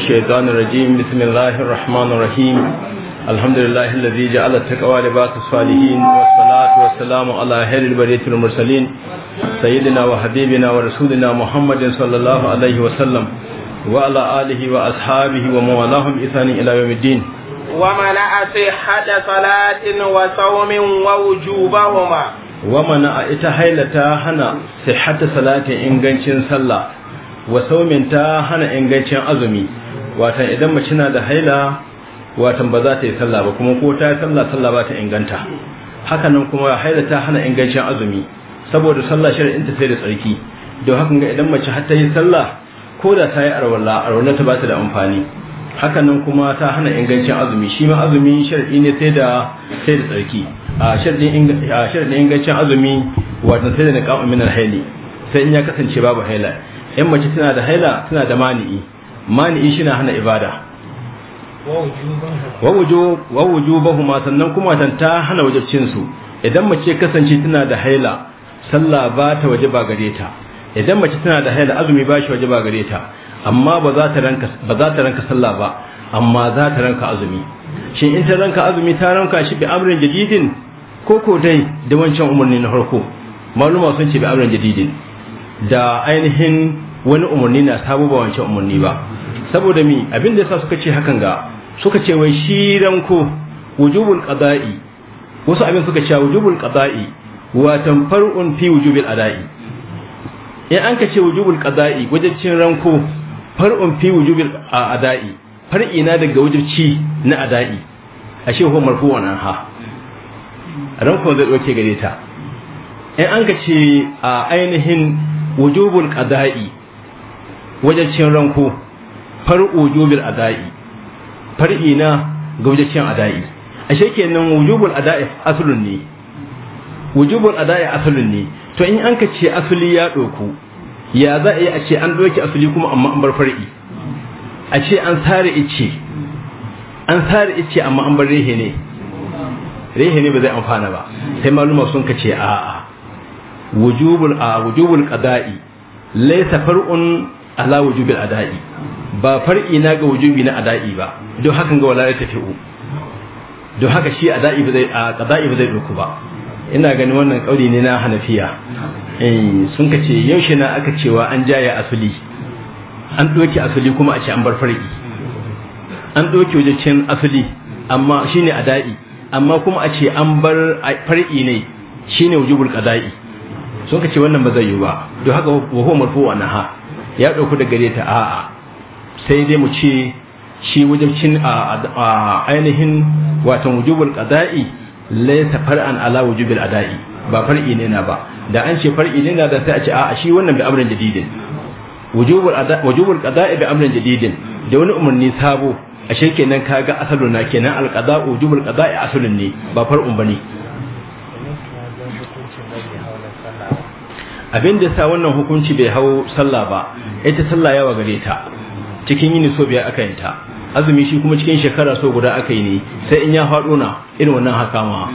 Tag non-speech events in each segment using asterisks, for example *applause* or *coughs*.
الشيطان الرجيم بسم الله الرحمن الرحيم الحمد لله الذي جعل التقوى لباس الصالحين والصلاة والسلام على خير البرية المرسلين سيدنا وحبيبنا ورسولنا محمد صلى الله عليه وسلم وعلى آله وأصحابه وموالاهم إثان إلى يوم الدين ومنع صحة صلاة وصوم ووجوبهما ومنع إتحيلة هنا صحة صلاة إنجنش صلى wa saumin ta hana ingancin azumi watan idan mace na da haila watan ba za ta yi sallah ba kuma ko ta yi sallah sallah ba ta inganta haka nan kuma haila ta hana ingancin azumi saboda sallah shari'in ta sai da tsarki don haka ga idan mace har ta yi sallah ko da ta yi arwala arwala ta ba ta da amfani haka nan kuma ta hana ingancin azumi shi ma azumi shar'i ne sai da sai da tsarki a shar'in ingancin azumi wato sai da niqam min al-haili sai in ya kasance babu haila in mace tana da haila tana da mani'i mani shi na hana ibada wa ma sannan kuma ta hana wajibcin su idan mace kasance tana da haila sallah ba ta waje ba gare ta idan mace tana da haila azumi ba shi waje ba gare ta amma ba za ta ranka sallah ba amma za ta ranka azumi shin in ta ranka azumi ta ranka shi bi amrin jadidin ko ko dai da wancan umarni na farko maluma sun ce bi amrin jadidin da ainihin wani umarni na sabo ba wancan umarni ba saboda mi abin da yasa suka ce hakan ga suka ce wai shi ranko wujubul qada'i wasu abin suka ce wujubul qada'i wa tanfar'un fi wujubil ada'i in an ka ce wujubul qada'i wajibcin ranko far'un fi wujubil ada'i far'i na daga wajibci na ada'i ashe marfu wannan ha ranko zai doke gare ta in an ka ce a ainihin wujubul qada'i wajibcin ranko far'u wujubil ada'i far'i na ga wajacin ada'i ashe kenan wujubul ada'i aslun ne wujubul ada'i aslun ne to in an ka ce asali ya doku ya za a yi a ce an doki asali kuma amma an bar far'i a ce an sare ice an sare ice amma an bar rehe ne rehe ne ba zai amfana ba sai maluma sun ka ce a'a wujubul a wujubul qada'i laysa far'un ala wujubil ada'i ba far'i na ga wujubi na ada'i ba don hakan ga wala ta fi'u don haka shi ada'i ba zai a qada'i ba zai doku ba ina ganin wannan kauri ne na Hanafiya eh sun kace yaushe na aka cewa an jaya asuli an doki asuli kuma a ce an bar far'i an doki wajen asuli amma shine ada'i amma kuma a ce an bar far'i ne shine wujubul qada'i sun kace wannan ba zai yi ba don haka wa huwa na ha ya dauku daga gare ta a'a sai dai mu ce shi wajibcin a ainihin watan wujubul qada'i laysa far'an ala wujubil ada'i ba far'i ne na ba da an ce far'i ne na da sai a ce a shi wannan bi amrin jadidin wujubul ada wujubul qada'i bi amrin jadidin da wani umarni sabo a ashe nan kaga asaluna kenan alqada'u wujubul qada'i asalun ne ba far'un bane abin da sa wannan hukunci bai hau sallah ba ita sallah yawa gare ta cikin yini so biya aka yanta azumi shi kuma cikin shekara so guda aka yi ne sai in ya faɗo na irin wannan haka ma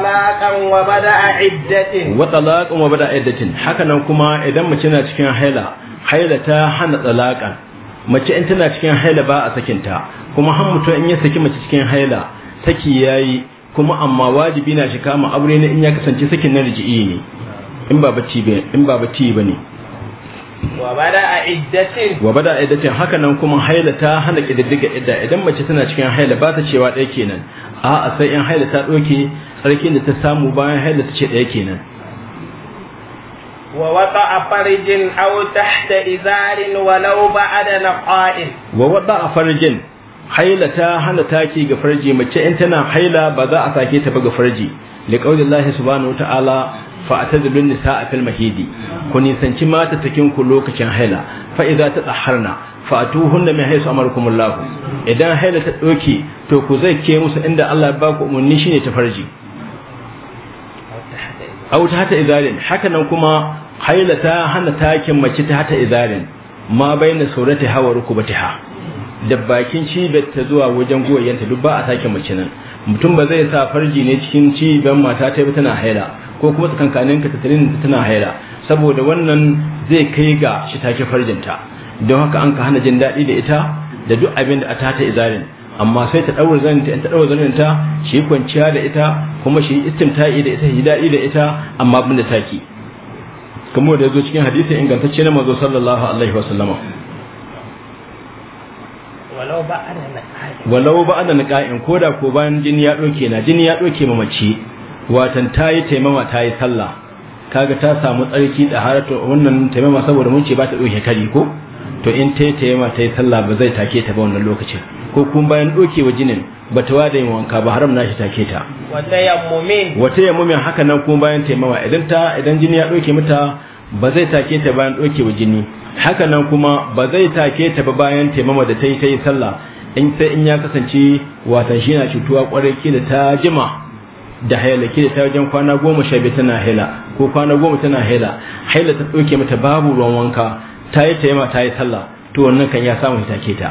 talaqan wa bada iddatin haka nan kuma idan mace na cikin haila haila ta hana tsalaƙan mace in tana cikin haila ba a sakinta kuma har mutum in ya saki mace cikin haila saki yayi kuma amma wajibi na shi kama aure ne in ya kasance sakin na rijiyi ne in ba bacci ba in ba bacci ba ne wa bada a iddatin wa bada iddatin haka nan kuma haila ta hana kididdiga idda idan mace tana cikin haila ba ta cewa ɗaya kenan a a sai in haila ta ɗauke tsarkin da ta samu bayan haila ta ce ɗaya kenan wa wata a farjin aw tahta izarin walau ba'ada naqa'in wa wata a farjin haila ta hana taki ga farji mace in tana haila ba za a sake ta ba ga farji liqaulillahi subhanahu wa ta'ala fa nisa a fil mahidi ku nisanci mata cikin ku lokacin haila fa idza tatahharna fa atuhunna min haythu amarakumullah idan haila ta doke to ku zake musu inda Allah ya ba ku umarni shine ta farji aw ta hata izalin, haka kuma haila ta hana takin mace ta hata izalin, ma baina surati hawa rukubatiha da bakin cibiyar ta zuwa wajen ta, duk ba a takin mace nan mutum ba zai sa farji ne cikin cibiyar mata ta yi tana haila ko kuma tsakankanin ka da tana haila saboda wannan zai kai ga shi take farjinta don haka an ka hana jin daɗi da ita da duk abin da a tata izarin amma sai ta ɗaura zaninta in ta ɗaura zaninta shi kwanciya da ita kuma shi istimta'i da ita shi daɗi da ita amma abin da take kamar da ya zo cikin hadisi ingantacce na manzo sallallahu alaihi wa sallama walau ba ana niqa'in koda ko bayan jini ya doke na jini ya doke mamaci watan ta yi taimama ta yi sallah kaga ta samu tsarki da haratu wannan taimama saboda mun ce ba ta ɗauke kari ko to in ta yi taimama ta yi sallah ba zai take ta ba wannan lokacin ko kuma bayan ɗauke wa jinin ba ta wada yin wanka ba haram na shi take ta wata yammumin wata yammumin haka nan kuma bayan taimama idan ta idan jini ya ɗauke mata ba zai take ta bayan ɗauke wa jini haka nan kuma ba zai take ta ba bayan taimama da ta yi ta yi sallah in sai in ya kasance watan shi na cutuwa kwarai kila ta jima da hailaki da ta wajen kwana goma sha biyu tana haila ko kwana goma tana haila haila ta ɗauke mata babu ruwan wanka ta yi taima ta yi sallah to wannan kan ya samu ita ke ta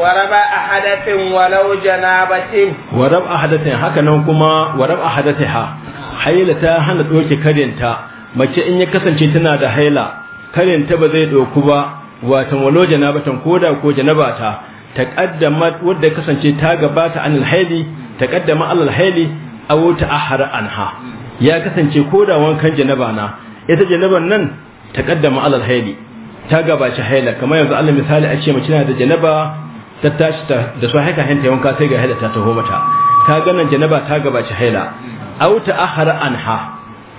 waraba a hadatin walau janabatin warab a hadatin haka nan kuma waraba a hadatin ha haila ta hana ɗauke karinta mace in ya kasance tana da haila karinta ba zai ɗauku ba watan walau janabatan koda ko janabata taqaddamat wadda kasance ta gabata anil haili taqaddama alal haili aw ta'ahhara anha ya kasance koda wankan janaba na ita janaban nan taqaddama alal haili ta gabace haila kamar yanzu Allah misali a ce mace na da janaba ta tashi da su haka hanta wanka sai ga haila ta taho mata ta ganin janaba ta gabace haila aw ta'ahhara anha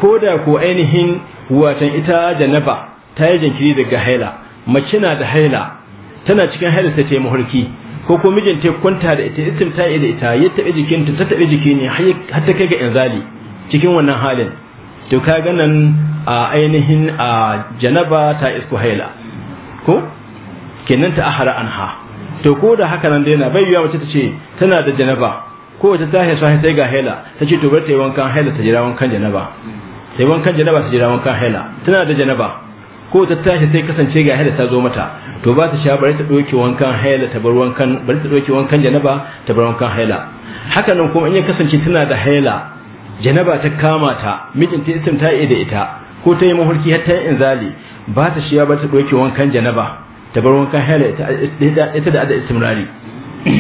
koda ko ainihin watan ita janaba ta yi jinkiri daga haila mace na da haila tana cikin haidata ta yi mafarki ko ko mijinta ya kwanta da ita ta yi da ita ya taɓa jikinta ta taɓa jiki ne har ta kai ga inzali cikin wannan halin to ka ga nan a ainihin a janaba ta isku haila ko kenan ta ahara anha to ko da haka nan daina bai yiwa mace ta ce tana da janaba ko wata ta haifa sai ga haila ta ce to bar ta yi wankan haila ta jira wankan janaba ta yi wankan janaba ta jira wankan haila tana da janaba ko ta tashi sai kasance ga haila ta zo mata to ba ta sha bari ta doke wankan haila ta bar wankan bari ta doke wankan janaba ta bar wankan haila haka nan kuma in ya kasance tana da haila janaba ta kama ta mijinta isim ta yi da ita ko ta yi mafarki har ta yi inzali ba ta sha bari ta doke wankan janaba ta bar wankan haila ita da ada istimrari *coughs*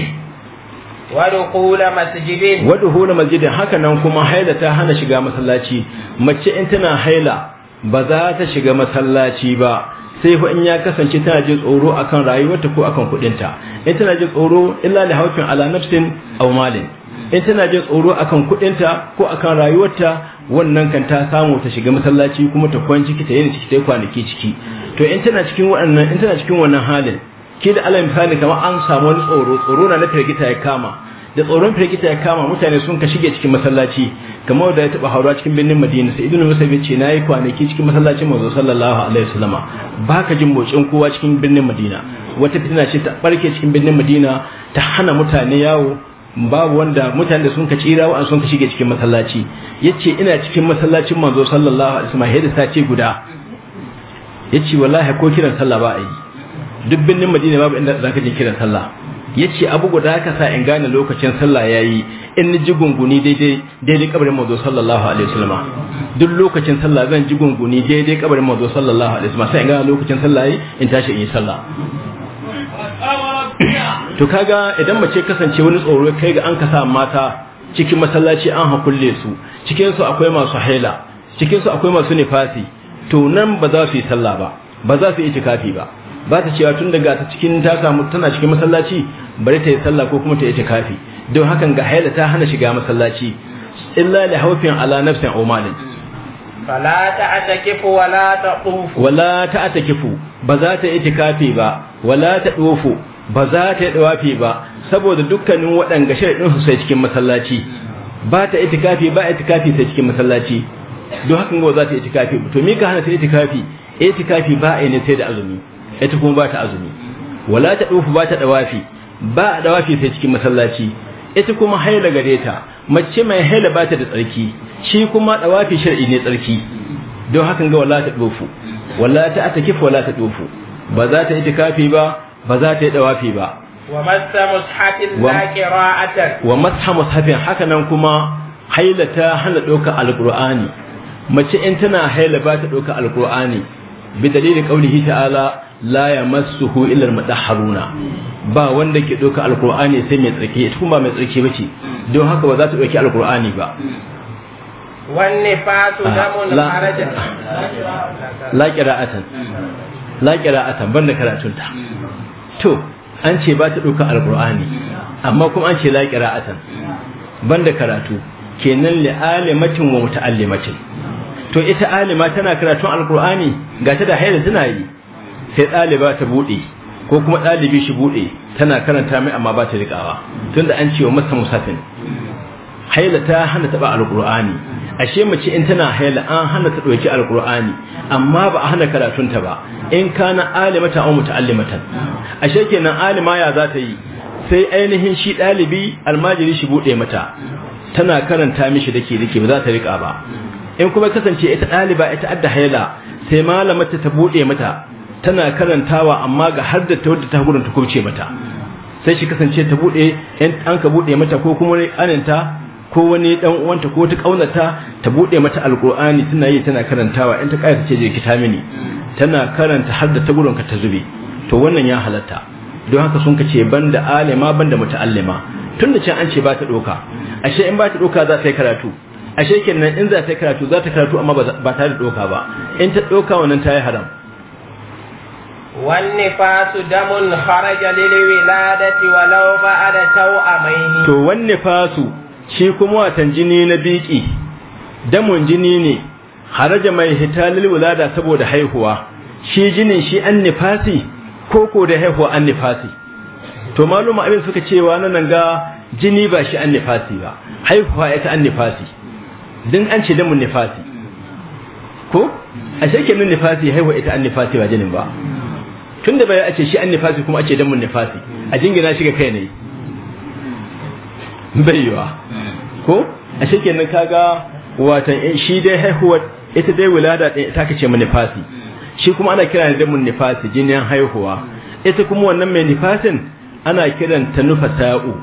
wadda masjidin wadda masjidin haka nan kuma haila ta hana shiga masallaci mace in tana haila ba za ta shiga masallaci ba sai fa in ya kasance tana jin tsoro akan rayuwarta ko akan kudinta in tana jin tsoro illa li hawfin ala nafsin aw malin in tana jin tsoro akan kudinta ko akan rayuwarta wannan kan ta samu ta shiga masallaci kuma ta kwanci ta yin ciki ta kwanaki ciki to in tana cikin wannan in tana cikin wannan halin ke da alal misali kamar an samu wani tsoro tsoro na na firgita ya kama da tsoron firgita ya kama mutane sun ka shige cikin masallaci kamar da ya taba haura cikin birnin Madina sai Ibn Musayyib ya ce nayi kwanaki cikin masallacin manzo sallallahu alaihi wasallama baka jin motsin kowa cikin birnin Madina wata fitina ce ta barke cikin birnin Madina ta hana mutane yawo babu wanda mutane da sun ka tsira wa sun ka shige cikin masallaci yace ina cikin masallacin manzo sallallahu alaihi wasallama hedi sace guda yace wallahi ko kiran sallah ba a yi duk birnin Madina babu inda zaka je kiran sallah Ya ce abu guda ka sa in gane lokacin sallah ya yi in ni ji gunguni daidai daidai kabarin mazo sallallahu alaihi wasallam duk lokacin sallah zan ji gunguni daidai kabarin mazo sallallahu alaihi wasallam sai in gane lokacin sallah yi in tashi in yi sallah to kaga idan mace kasance wani tsoro kai ga an kasa mata cikin masallaci an hakulle su cikin su akwai masu haila cikin su akwai masu nifasi to nan ba za su yi sallah ba ba za su yi itikafi ba ba ta cewa tun daga ta cikin ta samu tana cikin masallaci bari ta yi sallah ko kuma ta yi tikafi don hakan ga haila ta hana shiga masallaci illa li hawfin ala nafsin aw malin fala ta'takifu wala taqufu wala ta'takifu ba za ta yi tikafi ba wala ta dufu ba za ta yi dawafi ba saboda dukkanin waɗanga sharadin su sai cikin masallaci ba ta yi tikafi ba tikafi sai cikin masallaci don hakan ga za ta yi tikafi to me ka hana ta yi yi tikafi ba ne sai da azumi ita kuma ba ta azumi wala ta dufu ba ta dawafi ba a dawafi sai cikin masallaci ita kuma haila gare ta mace mai haila ba ta da tsarki shi kuma dawafi shar'i ne tsarki don hakan ga wala ta dufu wala ta atakif wala ta dufu ba za ta itikafi ba ba za ta yi dawafi ba wa masa mushafin zakira'atan mushafin haka nan kuma haila ta hana ɗaukar alƙur'ani mace in tana haila ba ta ɗaukar alƙur'ani bi dalilin qaulihi ta'ala la yamassuhu illa al haruna ba wanda ke doka alqur'ani sai mai tsarki ita kuma mai tsarki bace don haka ba za ta doki alqur'ani ba wanne fatu damun ah, harajan la qira'atan la qira'atan banda karatunta to an ce ba ta doka alqur'ani amma kuma an ce la ban da karatu kenan li alimatin wa muta'allimatin to ita alima tana karatun alkur'ani ga ta da haila tana yi sai ɗaliba ta buɗe ko kuma ɗalibi shi buɗe tana karanta mai amma ba ta riƙawa tunda an ce wa masa musafin haila ta hana taɓa alkur'ani ashe mace in tana haila an hana ta ɗauki alkur'ani amma ba a hana karatun ta ba in kana alimata au muta'allimatan ashe kenan alima ya za ta yi sai ainihin shi ɗalibi almajiri shi buɗe mata tana karanta mishi dake dake ba za ta rika ba in kuma kasance ita ɗaliba ita adda haila sai malamata ta buɗe mata tana karantawa amma ga har da ta wadda ta gudun ta kuce mata sai shi kasance ta buɗe an ka buɗe mata ko kuma aninta ko wani dan uwanta ko ta kaunata ta buɗe mata alqur'ani tana yi tana karantawa in ta kaita ce je kita mini tana karanta har da ta gurin ka ta zube to wannan ya halatta don haka sun kace banda alima banda muta'allima tunda can an ce ba ta doka ashe in ba ta doka za ta yi karatu ashe kenan in za ta karatu za ta karatu amma ba ta da doka ba in ta doka wannan ta yi haram damun kharaja lil wiladati ولو ba'da tawamaini to والنفاس shi kuma watan jini na biki damun jini ne haraja mai hita lilwulada saboda haihuwa shi jinin shi an nifasi ko da haihuwa an nifasi to maluma abin suka cewa nan ga jini ba shi an nifasi ba haihuwa ita an nifasi din an ce damun nifasi ko a shekin nun nifasi haihuwa ita an nifasi ba jinin ba tun da bayan a ce shi an nifasi kuma a ce damun nifasi a jingina shi ga kai ne bayuwa ko a shekin nan kaga watan eh, shi dai haihuwa ita dai wulada ta kace mun nifasi shi kuma ana kira da mun nifasi jinin haihuwa ita kuma wannan mai nifasin ana kiranta nufasa'u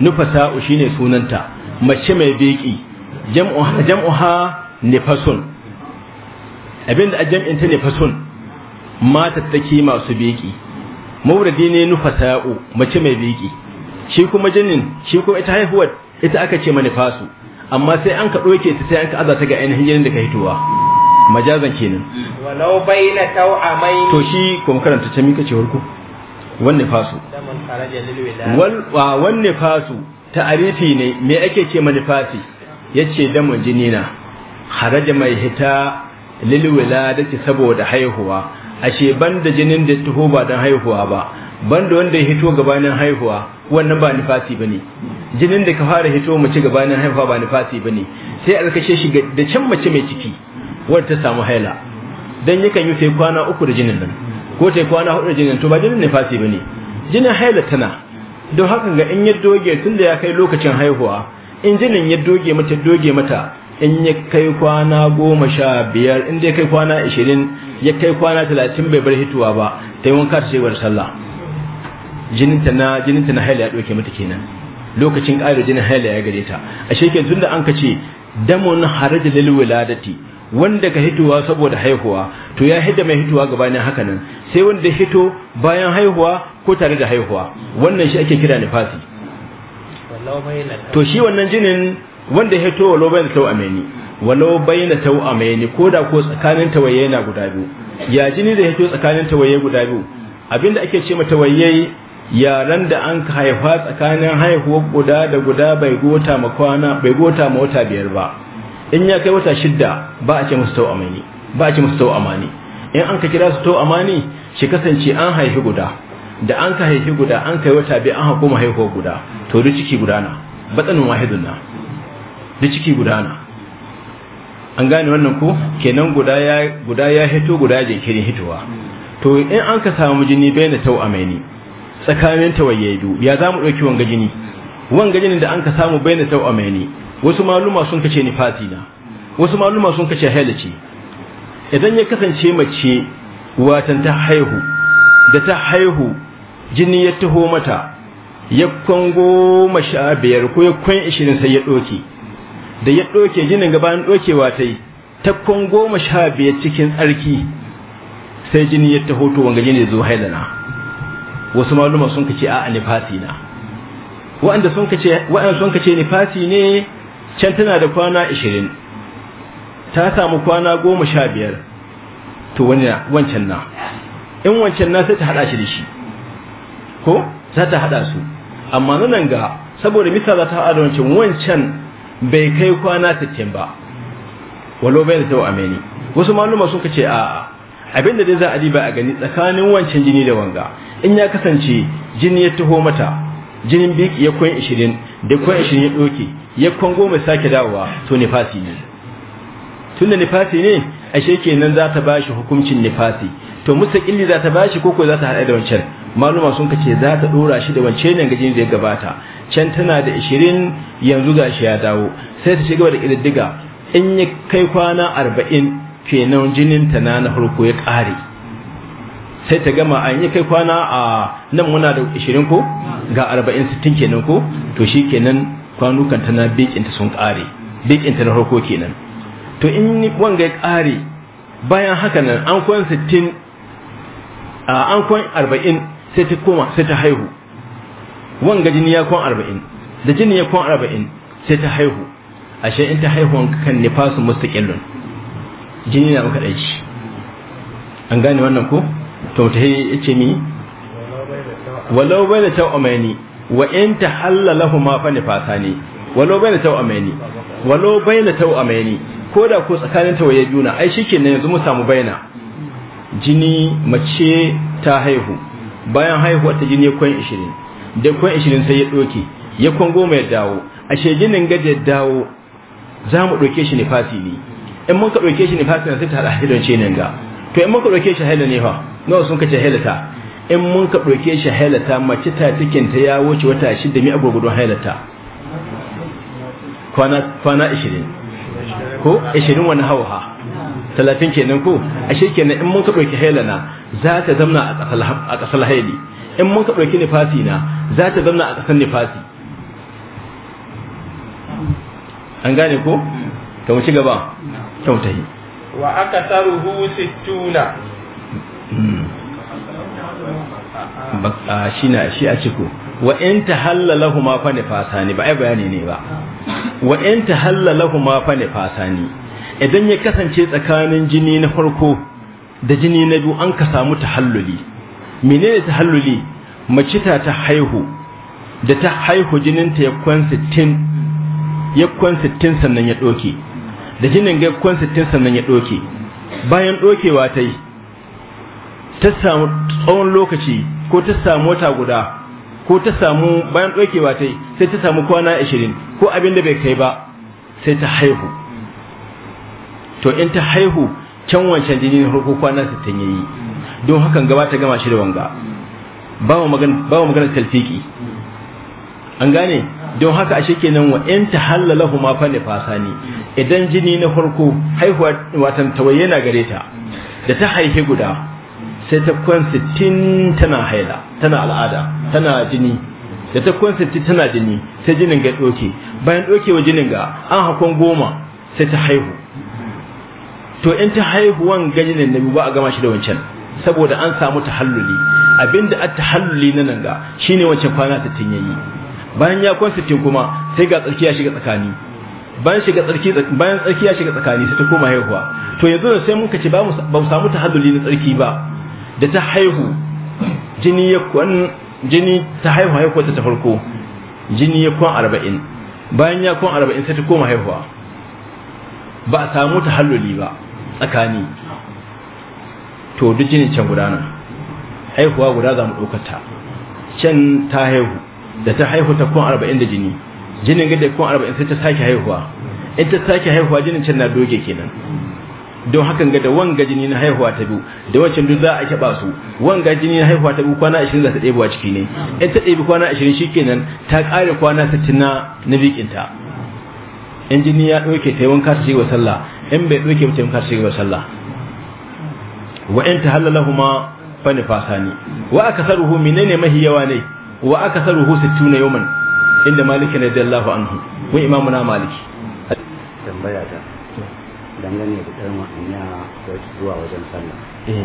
nufasa'u shine sunanta mace mai biki. jam'uha nifasun abinda a jam'in ta nifasun matattaki masu beki mawuradi ne nufasa'u mace mai beki shi kuma jinin shi kuma ita haihuwar ita aka ce manifasu amma sai an ka ɗoke ta sai an ka aza ta ga ainihin jinin da ka hitowa majazan kenan walau bayna tau'amain to shi ko makaranta ta mika ce warko wanne fasu wanne fasu ta'arifi ne me ake ce manifasi yace damu jini na haraja mai hita lilwila ke saboda haihuwa ashe banda jinin da taho ba dan haihuwa ba banda wanda ya hito gabanin haihuwa wannan ba nifasi bane jinin da ka fara hito mace gabanin haihuwa ba nifasi bane sai alkashe shi da can mace mai ciki wadda ta samu haila dan yakan yi sai kwana uku da jinin nan ko ta kwana hudu da jinin to ba jinin nifasi bane jinin haila tana don haka ga in ya doge tun da ya kai lokacin haihuwa injinin ya doge mata doge mata in ya kai kwana goma sha biyar in dai kai kwana ashirin ya kai kwana talatin bai bar hituwa ba ta yi wanka ta bar sallah jininta na jininta na haila ya doke mata kenan lokacin ƙarar jinin haila ya gare ta a shekin da an ka ce damun da ti wanda ka hituwa saboda haihuwa to ya hidda mai gaba ne haka nan sai wanda hito bayan haihuwa ko tare da haihuwa wannan shi ake kira nifasi to shi wannan jinin wanda ya to walau bayyana tau ameni walau bayyana tau ameni ko da ko tsakanin tawaye na guda biyu ya jini da ya to tsakanin tawaye guda biyu abinda ake ce ma tawaye yaran da an ka haifa tsakanin haihuwar guda da guda bai gota ma kwana bai gota ma wata biyar ba in ya kai wata shidda ba a ce musu tau amani ba a ce musu tau amani in an ka kira su tau amani shi kasance an haifi guda da an ka haifi guda an kai wata biyu an hako haihuwa guda to duk ciki guda na batsanin wahidun na duk ciki guda na an gane wannan ko kenan guda ya guda ya hito guda ya jinkirin hitowa to in an ka samu jini bai na tau amaini tsakanin waye biyu ya za mu ɗauki wanga jini wanga jini da an ka samu bai na tau amaini wasu maluma sun kace nifasi na wasu maluma sun kace halici idan ya kasance mace watan ta haihu da ta haihu jini ya taho mata ya kwango sha biyar ko ya kwan ishirin sai ya ɗoke da ya ɗoke jinin gabanin ɗokewa ta yi ta kwango biyar cikin tsarki sai jini ya taho to wanga jini zo hailana wasu maluma sun kace a'a nifasi na wa'anda sun kace wa'anda sun kace nifasi ne can tana da kwana 20 ta samu kwana goma biyar to wani wancan na in wancan na sai ta hada shi da shi ko za ta hada su amma nan ga saboda misala za ta hada wancan wancan bai kai kwana ce ba wallo bai da meni wasu maluma suka ce a abinda dai za a ba a gani tsakanin wancan jini da wanga in ya kasance jini ya taho mata jinin biki ya kwan 20 da kwan 20 ya doke ya kwan goma sake dawowa to nifasi ne tunda nifasi ne ashe kenan za ta bashi hukuncin nifasi to mustaqilli za ta bashi koko za ta hada da wancan maluma sun kace za ta dora shi da wancan ne gajin da ya gabata can tana da 20 yanzu gashi ya dawo sai ta shiga da kididdiga in ya kai kwana 40 kenan jinin ta na na farko ya kare sai ta gama an yi kai kwana a nan muna da 20 ko ga 40 60 kenan ko to shikenan kwanukan tana bikin ta sun kare bikin ta na farko kenan to in ni wanga ya kare bayan haka nan an kwan 60 an kwan 40 sai ta koma sai ta haihu wanga jini ya kwan 40 da jini ya kwan 40 sai ta haihu ashe in ta haihu haihuwan kan nifasu mustaqillun jini na maka ɗaiki an gane wannan ko to ta yi ce ni walau bai da amani wa in ta hallala huma fa nifasa ne walau bai na tau amaini walau bai na tau ko da ko tsakanin tawaye juna ai shikenan yanzu mun samu baina jini mace ta haihu bayan haihuwa ta jini kwan 20 da kwan 20 sai ya doke ya kwan goma ya dawo a shejinin gaje dawo za mu doke shi nifasi ne in mun ka doke shi nifasi ne sai ta hada hidon ce nan ga to in mun ka doke shi haila ne fa nawa sun kace hailata in mun ka doke shi hailata mace ta cikin ta ya wuce wata da mi agwagudun hailata kwana ishirin ko ishirin wani hauha talatin kenan ko ashe kenan in mun ka ɗauki hailana za ta zamna a ƙasar haili in mun ka ɗauki nifasi na za ta zamna a ƙasar nifasi an gane ko ta wuce gaba yi wa aka taruhu sittuna hmm. shi na shi a ciko wa in ma fa nifasani ba ai bayani ne ba wa in ma fa nifasani idan ya kasance tsakanin jini na farko da jini na biyu an ka samu tahalluli menene tahalluli mace ta ta haihu da ta haihu jininta ya kwan 60 ya kwan 60 sannan ya doke da jinin ga kwan 60 sannan ya doke bayan dokewa ta yi ta samu tsawon lokaci ko ta samu wata guda ko ta samu bayan ɗaukewa ta yi sai ta samu kwana ashirin ko abin da bai kai ba sai ta haihu to in ta haihu can wancan jini na farko kwana sittin ya yi don hakan gaba ta gama shi da wanga ba wa magana talfiki an gane don haka ashe nan wa in ta hallala huma fa ne idan jini na farko haihuwa watan tawaye na gare ta da ta haihe guda sai ta kwan 60 tana haila tana al'ada tana jini da ta kwan 60 tana jini sai jinin ga doke bayan dokewa jinin ga an hakon goma sai ta haihu to in ta haihu haihuwan ganin nabi ba a gama shi da wancan saboda an samu tahalluli abinda at tahalluli na nan ga shine wancan kwana 60 yayi bayan ya kwan 60 kuma sai ga tsarki ya shiga tsakani bayan shiga tsarki bayan tsarki ya shiga tsakani sai ta koma haihuwa to yanzu sai muka ce ba mu samu tahalluli na tsarki ba da ta haihu jini ya kwan jini ta haihu haihuwa ta farko jini ya kwan arba'in bayan ya kwan arba'in sai ta koma haihuwa ba a samu ta halloli ba tsakani to duk jini can gudana haihuwa guda za mu ɗaukata can ta haihu da ta haihu ta kwan arba'in da jini jinin gada kwan arba'in sai ta sake haihuwa in ta sake haihuwa jinin can na doge kenan don hakan ga da wanga jini na haihuwa ta biyu da wacce duk za a kaba su wanga jini na haihuwa ta biyu kwana 20 za ta ɗebewa ciki ne in ta ɗebi kwana 20 shikenan ta ƙare kwana 60 na na bikinta in jini ya ɗauke ta wanka ta shiga sallah in bai ɗauke ba ta wanka ta shiga sallah wa in tahallahuma fa nifasani wa akasaruhu minene mahi yawa ne wa akasaruhu 60 yawman inda maliki Allahu anhu wa imamuna maliki tambaya ta dangane da ɗan ma'anya zuwa wajen sallah eh.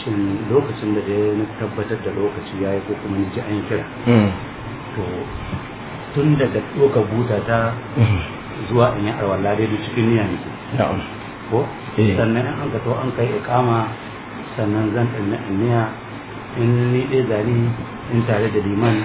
shin lokacin da dai na tabbatar da lokaci ya yi ko kuma ni ji an kira hmm. to tun daga ɗoka buta ta hmm. zuwa in yi arwala dai cikin niyya ne. ko eh. sannan an an to an kai ikama sannan zan ɗan niyya in ni ɗaya zani in tare da liman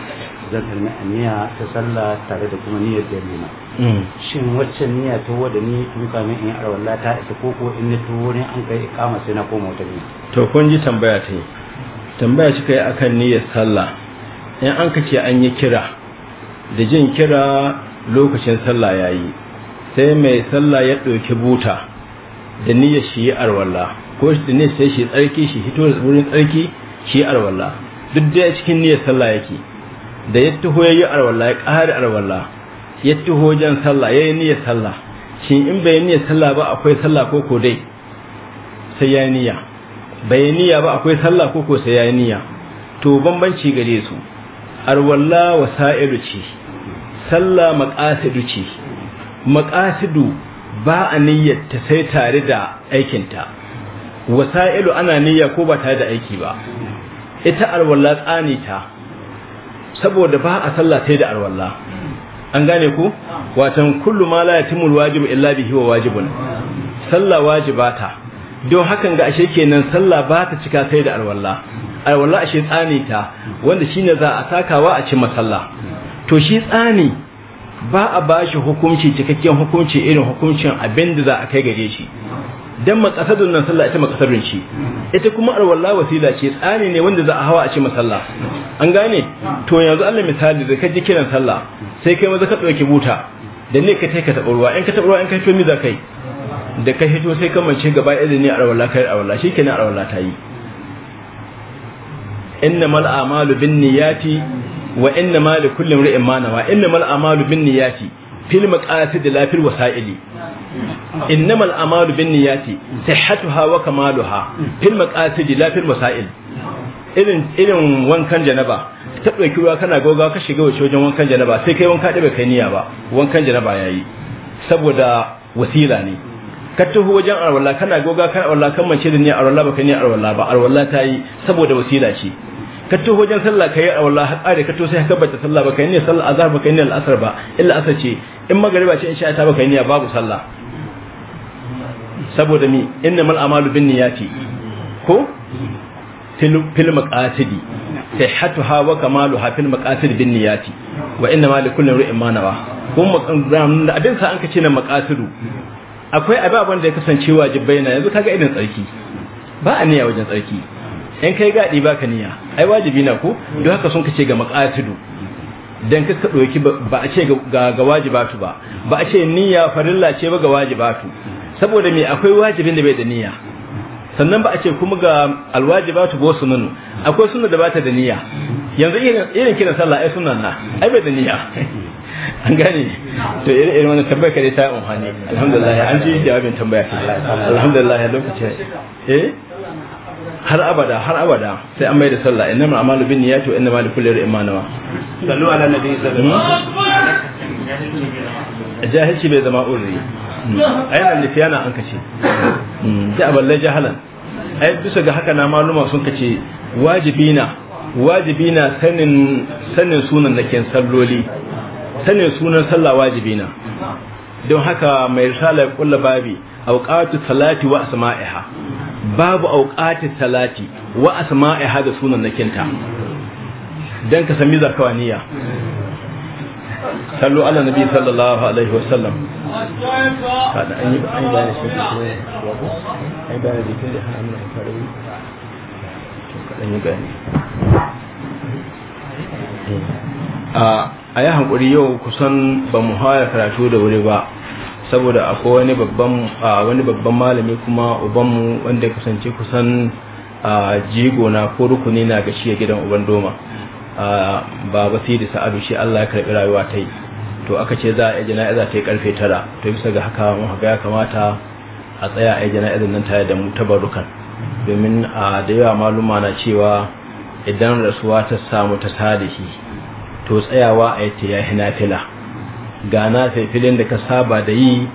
zan kalmi niyya ta sallah tare da kuma niyyar da nuna mm. shin wacce niyya ta wadda ni tun kamin in arwalla ta isa ko ko in to wurin an kai ikama sai na koma wata niyya to kun ji tambaya ta yi tambaya shi kai akan niyyar sallah in an kace an yi kira da jin kira lokacin sallah yi sai mai sallah ya ɗauki buta da niyyar shi arwalla ko shi da niyyar sai shi tsarki shi hito da wurin tsarki shi arwalla duk da cikin niyyar sallah yake da ya tuho ya yi arwallah ya ƙari arwallah ya tuho jan sallah ya yi niyyar sallah shin in bai niyyar sallah ba akwai sallah ko ko dai sai ya niyya bai niyya ba akwai sallah ko ko sai ya niyya to bambanci gare su arwalla wasa'ilu ce sallah maqasidu ce maqasidu ba a niyyar ta sai tare da aikinta wasa'ilu ana niyya ko ba tare da aiki ba ita arwalla tsani ta saboda ba a sallah sai da alwala an gane ku watan kullu ma la yatimu alwajibu illa bihi wa wajibun sallah wajibata don hakan ga ashe kenan sallah ba ta cika sai da alwala Alwalla ashe tsani ta wanda shine za a sakawa a ci masalla to shi tsani ba a bashi hukunci cikakken hukunci irin hukuncin abinda za a kai gare shi dan maqasadun nan sallah ita maqasadun shi ita kuma alwala wasila ce tsani ne wanda za a hawa a ce masalla an gane to yanzu Allah misali da ka ji kiran sallah sai kai maza ka dauke buta da ne ka taika taɓa ruwa in ka taɓa ruwa in ka fito mi za kai da ka hito sai ka mance gaba idan da ne alwala kai alwala shi kenan alwala ta yi innamal a'malu binniyati wa innamal likulli imrin ma nawa innamal a'malu binniyati fil maqasid la fil wasa'ili innamal a'malu niyyati sihhatuha wa kamaluha fil maqasid la fil wasa'il irin irin wankan janaba ta dauki ruwa kana gogawa ka shiga wace wajen wankan janaba sai kai wanka dabe kai niyya ba wankan janaba yayi saboda wasila ne ka taho wajen arwalla kana goga kana arwalla kan mace da niyya arwalla ba kai niyya arwalla ba arwalla ta yi saboda wasila ce ka to wajen sallah kai a wallahi har kare ka to sai ka bata sallah ba kai ne sallah azhar ba kai ne al'asar ba illa asar ce in magariba ce in sha ta ba kai ne babu sallah saboda ni mal a'malu binniyati ko fil maqasidi sihhatuha wa kamaluha fil maqasid bin niyati wa inna ma likulli ru'in ma nawa kuma da abin sa an kace na maqasidu akwai ababan da ya kasance wajibai na yanzu kaga irin tsarki ba a niyya wajen tsarki in kai gadi baka niyya ai wajibi na ko don haka sun kace ga maqasidu dan ka doki ba a ce ga wajibatu ba ba a ce niyya farilla ce ba ga wajibatu saboda me akwai wajibin da bai da niyya sannan ba a ce kuma ga alwajibatu ba sunanu akwai sunna da bata da niyya yanzu irin kiran sallah ai sunan na ai bai da niyya *laughs* an gane to irin irin wannan tambaya kare ta amfani alhamdulillah an ji jawabin tambaya alhamdulillah lokacin eh har abada har abada sai an mai da sallah ma amalu bin niyyati wa ma likulli imrin ma nawa sallu ala nabi sallallahu alaihi hmm? jahilci bai zama urri hmm. ayyana nifiyana an kace da hmm. aballe jahalan ai bisa ga haka na maluma sun kace wajibi na wajibi na sanin sanin sunan ken salloli sanin sunan sallah wajibi na don haka mai risalar kulla babi auqatu salati wa asma'iha babu auqati salati wa asma'iha da sunan nakinta dan ka sami zakawaniya sallu ala nabi sallallahu alaihi wasallam kada an yi an ba ne ai ba ne da haramun da fara yi bayani eh. a yi hankuri yau kusan ba mu haya karatu da wuri ba saboda akwai wani babban wani babban malami kuma ubanmu wanda ya kusance kusan jigo na ko rukuni na ga shi gidan uban doma ba ba sai da sa'adu shi Allah ya karbi rayuwa ta yi to aka ce za a yi jana'iza ta yi karfe tara to bisa ga haka mu haka ya kamata a tsaya a yi jana'izar nan tare da mu tabarukan domin a da yawa maluma na cewa idan rasuwa ta samu ta salihi to tsayawa a yace ya hina fila ga na filin da ka saba da yi